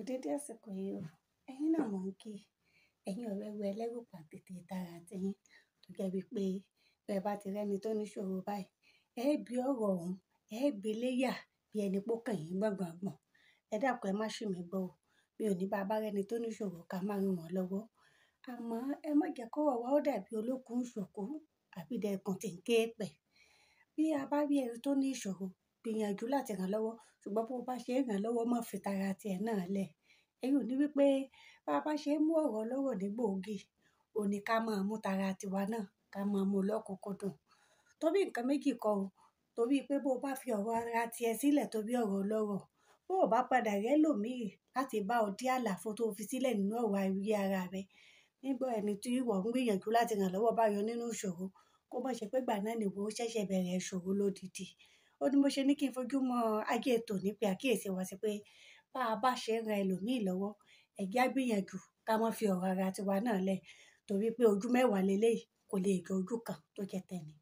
kú dédé àsìkò yìí o. Ẹ̀yin náà mò ń kí. Ẹ̀yin ọ̀rẹ́ wa ẹlẹ́rù pàǹtètè tara tiyín tó jẹ́ wípé bí ẹ bá ti rí ẹni tó ní ìṣòro báyìí, ẹ bí ọ̀rọ̀ òun, ẹ bí léyà bí ẹni pé ó kàn yín gbọ̀ngbọ̀ngbọ̀n. Ẹ dákun ẹ má ṣì mí gbọ́ o. Mi ò ní bá bá rẹ́ni tó ní ìṣòro ká má rán wọn lọ́wọ́. Àmọ́ ẹ má jẹ́ kó ọ̀rọ̀ ó dàbí olókùn ìṣòkò àbí gbìyànjú láti ràn lọ́wọ́. Ṣùgbọ́n bó bá ṣe ń ràn lọ́wọ́, má fi tara tì náà lẹ̀. Ẹ̀yin ò wípé bá bá ṣe ń mú ọ̀rọ̀ ọlọ́rọ̀ ní gbòógì, òun ká máa mú tara tiwa náà ká máa mú lọ́kùnkúndùn. Torí ǹkan méjì kọ́ o. Torí pé bó bá fi ọ̀rọ̀ ara ti sílẹ̀ torí ọ̀rọ̀ ọlọ́rọ̀, bó bá padà rẹ́ lòmíì láti bá ọ dé àlàfo tó fi sílẹ̀ nínú ọ̀rọ̀ ayé ara rẹ. Nígbà ẹni tí ìwọ ń gbìyànjú láti ràn lọ́wọ́ bá nínú ìṣòro, kó má ṣe pé ìgbà náà ni ó ṣẹ̀ṣẹ̀ bẹ̀rẹ̀ ìṣòro lódidi ó ní mo ṣe ní kí n fojú mọ ajé ètò ní pé àkíyèsí wa sí pé bá a bá ṣe ń ran ẹlòmíì lọ́wọ́ ẹ̀jẹ̀ á ká má fi ọ̀rọ̀ ara tiwa náà lẹ̀ torí pé ojú mẹ́wàá leléyìí kò lè jọ ojú kan tó jẹ́ tẹni.